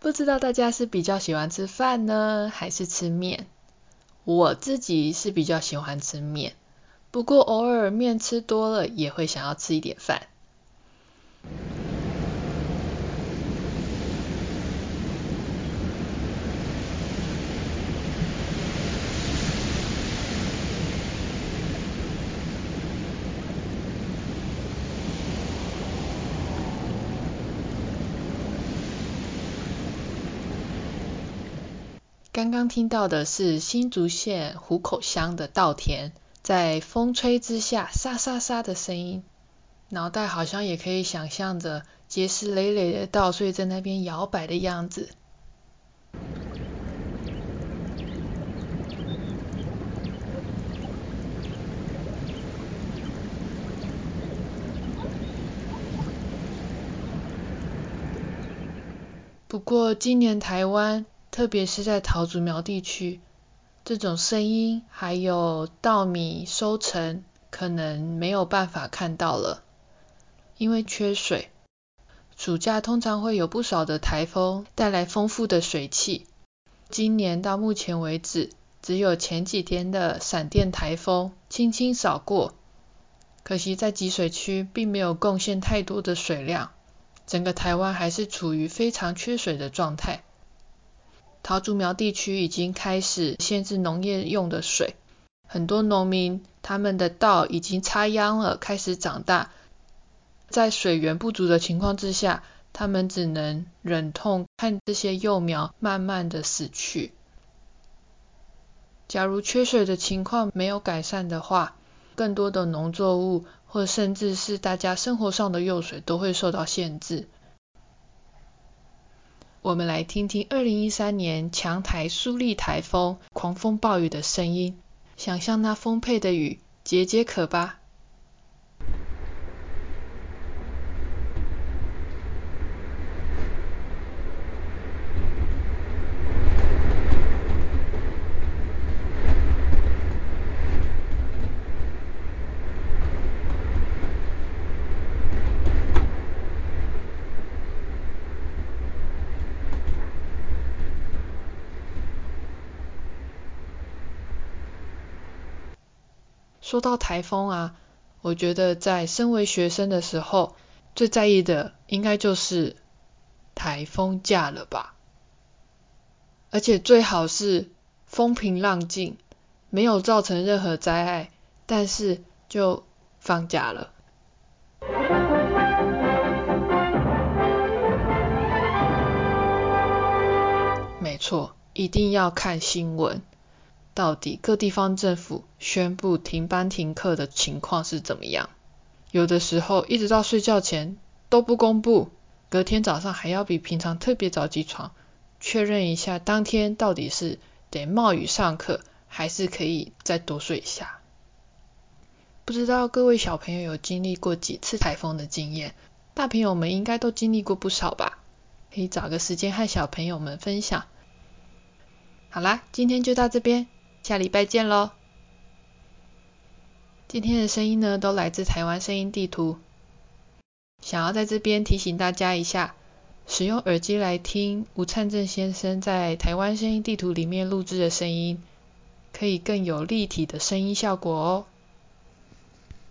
不知道大家是比較喜歡吃飯呢，還是吃麵？我自己是比較喜歡吃麵，不過偶爾麵吃多了，也會想要吃一點飯。剛剛聽到的是新竹縣湖口鄉的稻田，在風吹之下沙沙沙的聲音，腦袋好像也可以想象着結實累累的稻穗在那邊搖擺的樣子。不過今年台灣，特別是在桃竹苗地區，這種聲音還有稻米收成，可能沒有辦法看到了，因為缺水。暑假通常會有不少的颱風帶來豐富的水汽，今年到目前為止，只有前幾天的閃電颱風輕輕掃過，可惜在集水區並沒有貢獻太多的水量，整個台灣還是處於非常缺水的狀態。桃竹苗地區已經開始限制農業用的水，很多農民他們的稻已經插秧了，開始長大，在水源不足的情況之下，他們只能忍痛看這些幼苗慢慢地死去。假如缺水的情況沒有改善的話，更多的農作物或甚至是大家生活上的用水都會受到限制。我們來聽聽二零一三年強台蘇力台風狂風暴雨的聲音，想象那豐沛的雨，解解渴吧。說到台風啊，我覺得在身為學生的時候，最在意的應該就是台風假了吧。而且最好是風平浪靜，沒有造成任何災害，但是就放假了。沒錯，一定要看新聞。到底各地方政府宣布停班停課的情況是怎麼樣？有的時候一直到睡覺前都不公布，隔天早上還要比平常特別早起床，確認一下當天到底是得冒雨上課，還是可以再多睡一下。不知道各位小朋友有經歷過幾次台風的經驗，大朋友們應該都經歷過不少吧？可以找個時間和小朋友們分享。好啦，今天就到這邊。下禮拜見嘍！今天的聲音呢，都來自台灣聲音地圖。想要在這邊提醒大家一下，使用耳機來聽吳燦政先生在台灣聲音地圖裡面錄製的聲音，可以更有立體的聲音效果哦。